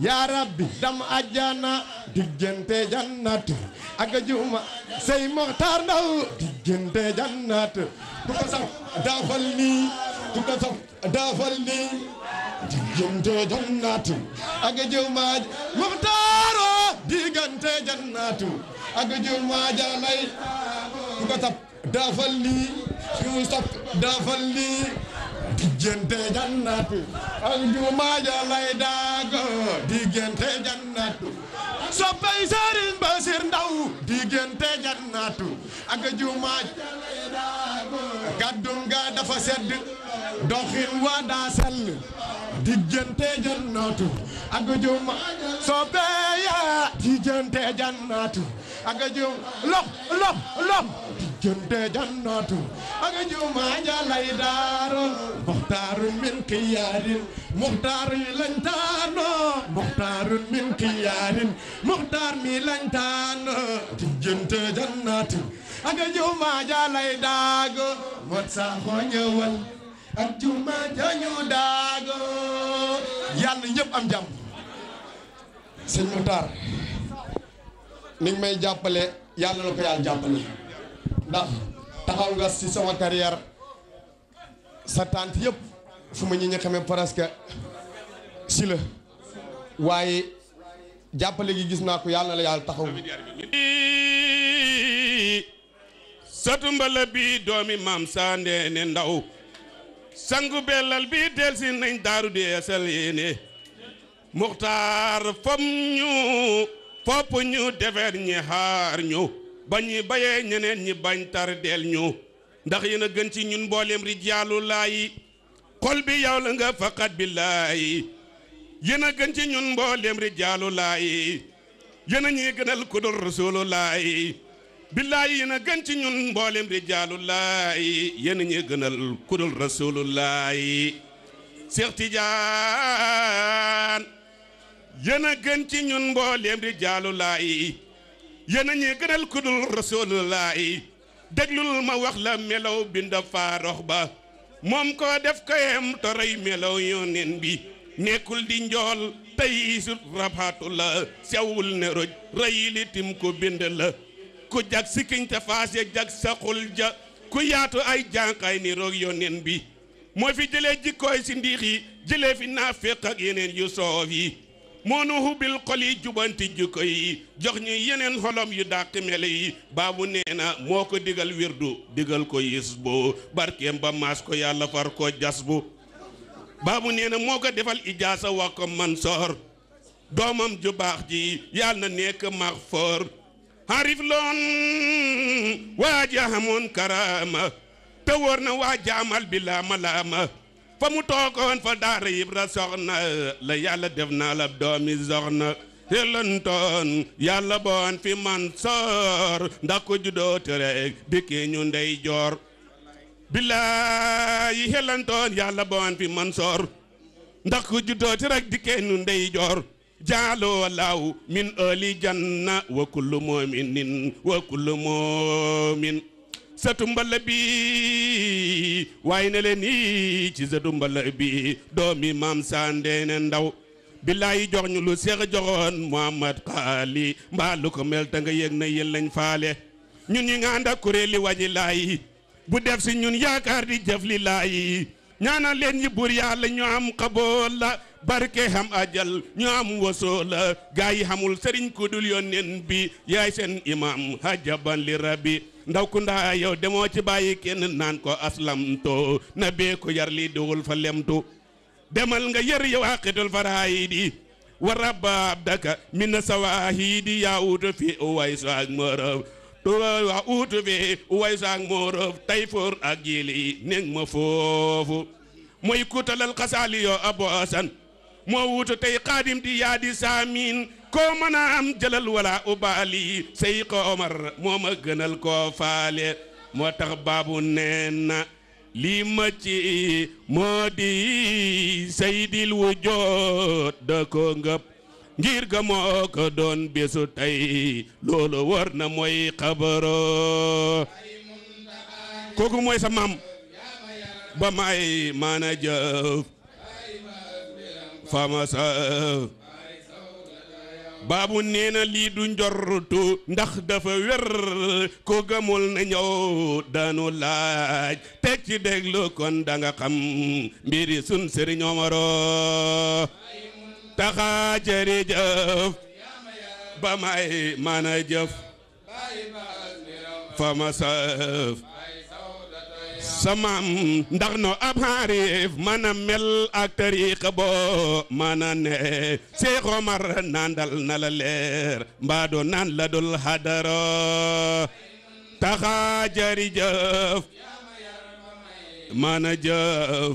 yaa rabbi dam ajjana diggante jannat aga juma sey moxtaar ndaw diggante jannat ku ko saf daafal nii ku ko saf daafal nii diggante jannat aga jumaj moxtaaro diggante jannat aga jumaja lay ku ko saf daafal nii ku saf daafal nii diggante jannat ak jumaaja lay daago diggante jannat soppay Serigne Bassir Ndaw diggante jannat ak jumaaja lay dafa sedd doxin wa daa sell diggante jannat ak jumaaja soppay ya diggante jannat ak jum lox lox lox jonde jannatu aga jumaja laydarol muhtarun min kiyarin muhtar mi lañtano muhtarun min kiyarin ñu dago yàlla ñëpp am jàmm sëñ Muhtar ni may jàppale yàlla la ko yàlla jàppale ndax taxaw nga si sama carrière sa tante yëpp fu ma ñi nga presque si la waaye jàppale gi gis naa ko yàlla la yàlla taxaw satu mbala bi doomi maam sande ne ndaw sangu belal bi del nañ daaru deesal yéene muxtaar fom ñu fopp ñu defeer ñi xaar ñu ba ñuy bayee ñeneen ñi bañ tardeel ñu ndax yéen a gën ci ñun mbooleem rijaalu laayi xol bi yow la nga faqat bi a gën ci ñun mboolem rijaalu laayi yéen a ñuy gënal ku dul rasulu yéen a gën ci ñun mboolem rijaalu laayi yéen a ñuy gënal ku dul rasulu laayi Seex a gën ci ñun mboolem rijaalu laayi yéen a ñuy gënal ku dul rasulullahi ma wax la melow bind faarox ba moom ko def koyem toray melow yoneen bi nekkul di njool tey sut rabaatu la sewul ne roj rëyi litim ko bind la ku jag sikkiñ te faas ya jag saxul ja ku yaatu ay jànqaay ni roog yoneen bi moo fi jëlee jikkooy si ndiix yi jëlee fi naaféq ak yeneen yu soof yi moonu hubil xol yi jubanti jikko yi jox ñu yeneen xolom yu dàq mele yi baabu nee na moo ko digal wirdu digal ko yis bu barkeem ba maas ko yàlla far ko jas bu baabu nee na moo ko defal ijaasa wa ko mansoor doomam ju baax ji yàlla na nekk max foor xarif loon waa ja waa jaamal bi laama laama fa mu toogoon fa daara Ibra soxna la yàlla def naa la doomi soxna xelantoon yàlla boon fi Mansoor ndax ko juddoo dikkee ñu ndey joor billaayi xelantoon yàlla boon fi Mansoor ndax ko juddoo dikkee ñu ndey joor jaaloo laaw min ali janna wa kullu muminin wa kullu mumin satu mbala bi waaye ne leen nii ci satu mbala bi doomi maam sandeene ndaw billaayi jox ñu lu seex joxoon muhammad xaali mbaa lu ko mel ta nga yëg na yéen lañ faale ñun ñi nga ànd ak kuréeli wañi laay bu def si ñun yaakaar di jëf li laay ñaanal leen yi buur yàlla ñu am xabool barke xam ajal ñu am wasoo la gaa sëriñ ku dul yónneen bi yaay seen imam hajaban li rabbi ndaw ku ndaa yow demoo ci bàyyi kenn naan ko aslamto na bee ko yar lii dugul fa lemtu demal nga yër yow aqitul farahidi wa rabba abdaka mina sawahidi yaa uutu fi uwaysu ak moroof tuwa uutu ak moroof tayfoor ma foofu mooy kuutalal xasaali aboosan moo wuutu tey xaadim di yaa di saamin koo mën a am jëlal wala ubaali sey ko omar moo ma gënal koo faale moo tax baabu nee na lii ma ci moo di seydil wujood da ko ngëp ngir ga moo ko doon bésu tey loolu war na mooy xabaro kooku mooy sa maam ba may maana jëf fama sa baabu nee na lii du njortu ndax dafa wér ko gëmul na ñëw daanu laaj teg ci déglu kon da xam mbiri sun sëriñ Omaro taxa jërëjëf ba may mën a jëf fa ma sëf samaam ndax no ab xaarif mën a mel ak tariqa boo mën a ne Seex Omar nandal na la leer mbaa doo naan la dul hadaro taxa jari jëf mën a jëf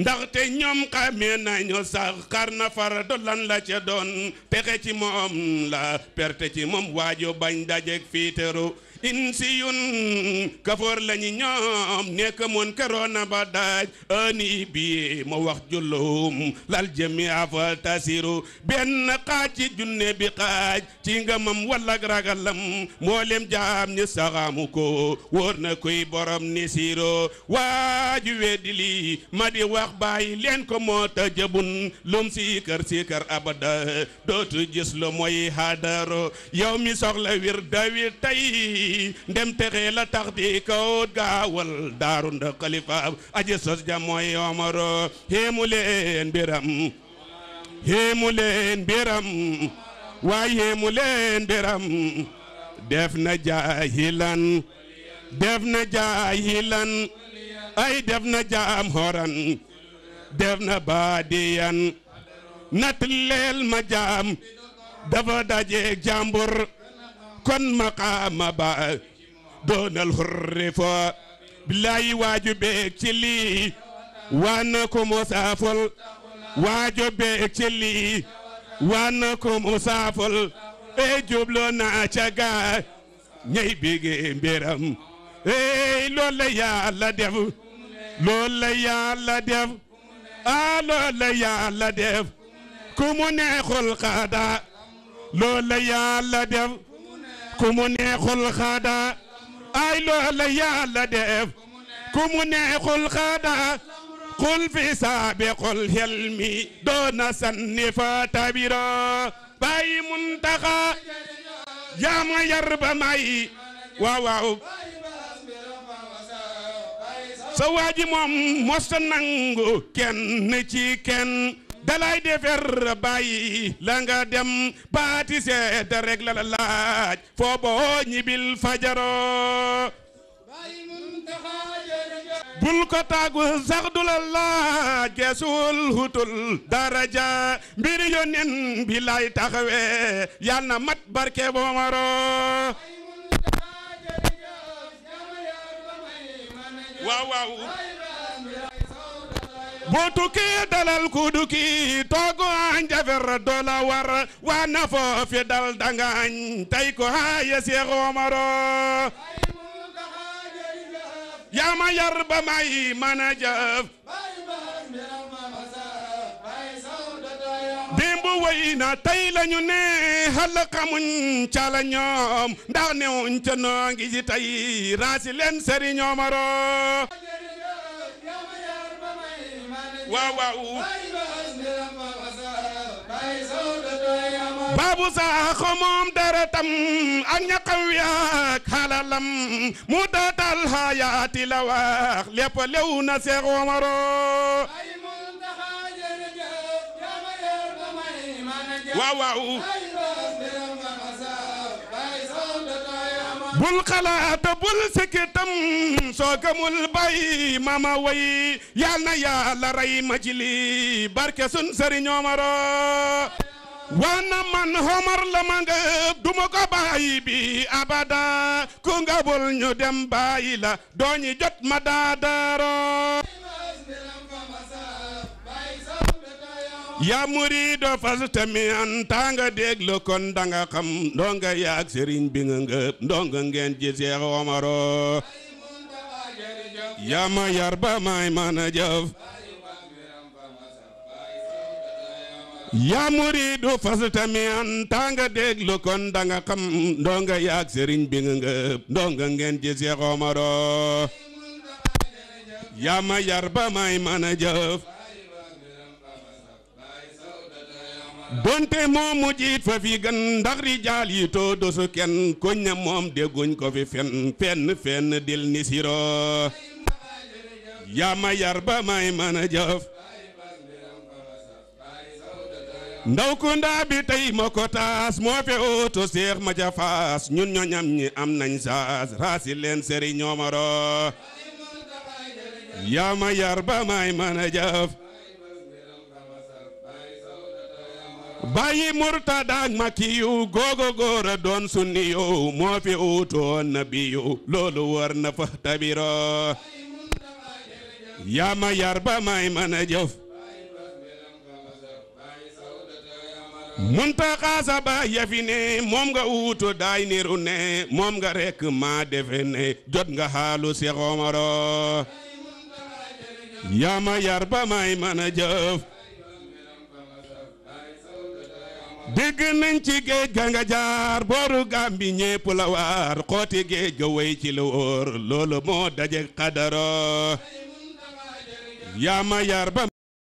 ndaxte ñoom naa nañu sax xar na fara do lan la ca doon pexe ci moom la perte ci moom waajo bañ dajeek fiiteru insiyun kafoor lañu ñoom nekk mun karoona ba daaj bi ma wax jullum lal jëmi afal tasiru benn xaaj ci junne bi xaaj ci ngëmam walla ragalam mboolem jaam ñi saxaamu ko wóor na koy borom ni siiro waaju weddi ma di wax bàyyi leen ko moo tajabun lum siikar siikar abada dootu gis lu mooy hadaro yow mi soxla wir dawir tey yi ndem texe la tax di kaw gaawal daaru nda xalifa aji sos ja mooy omaro xéemu leen mbiram xéemu leen mbiram def na jaahilan def na jaahilan ay def na jaam horan def na baadiyan natt leel ma jaam dafa dajeeg jàmbur kon maqaama ba doonal xurri fo billaay waaju beeg lii waa na ko musaafol waajo beeg lii waa na ko musaafol ey jubloo naa ca gaa ñey mbiram ey loolu la yàlla def loolu la yàlla def ah loolu la yàlla ku mu neexul xaada loolu la yàlla def ku mu neexul xaada ay loola yàlla def ku mu neexul xaada qul fi saabiqul helmi doona sanni fa tabira bàyyi muntaxa yaama yar ba may waaw waaw sa waaji moom mosta nangu kenn ci kenn dalay defar bàyyi la nga dem baati seet rek la laaj foo boo ñibil fajaro bul ko taagu sax la laaj geesul hutul daraja mbir yonen bi lay yal na mat barke boomaro bu tukki dalal ku dukki toogu añ jafer doola war waa na foofi dal dangañ tay ko haaye Seex Omaro yaa ma yar ba may mën a jëf démbu woy na lañu ne xal xamuñ ca ñoom ndax newuñ ca noo ngi raasi leen Sëriñ babuza khomom daratam saaxo moom deretam ak ñaqam wi ak xalalam mu datal xayaati lépp lew na Seex Omaro waaw waaw bul xalaata bul sikkitam soo gëmul bay mama way yal na yàlla rey ma ci barke sun sëriñ Omaro wana man homar la ma nga duma ko bàyyi bi abada ku nga bul ñu dem bàyyi la dooñi jot ma daadaaro yaa murido fastami an taa nga déglu kon danga xam ndonga nga yaag sëriñ bi nga ngëb ndonga ngeen ji Seex Omaro yaa ma yar ba may jëf donte moom mu jiit fa fi gën ndax rijaal yi too dosu kenn koñ ne moom dégguñ ko fi fenn fenn dil ni siroo yaa yar ba may mën a jëf ndaw ku ndaa bi tey ma ko taas moo fe ooto seex ma ca faas ñun ñoñam ñi am nañ saas raasi leen sëriñ ñoomaro yaa yar ba may mën a jëf bàyyi murtada ak googo góora doon sunniyu moo fi uutoon nabiyu loolu war na fa tabiro yaa may mën a jëf muntaxa sa moom nga uuto daay niru ne moom nga rekk maa defe jot nga xaalu si xomoro yaa may mën dégg nañ ci géej ga nga jaar booru Gàmbi ñépp la waar xooti géej ga way ci la wóor loolu moo daje xadaro yaa ma yar ba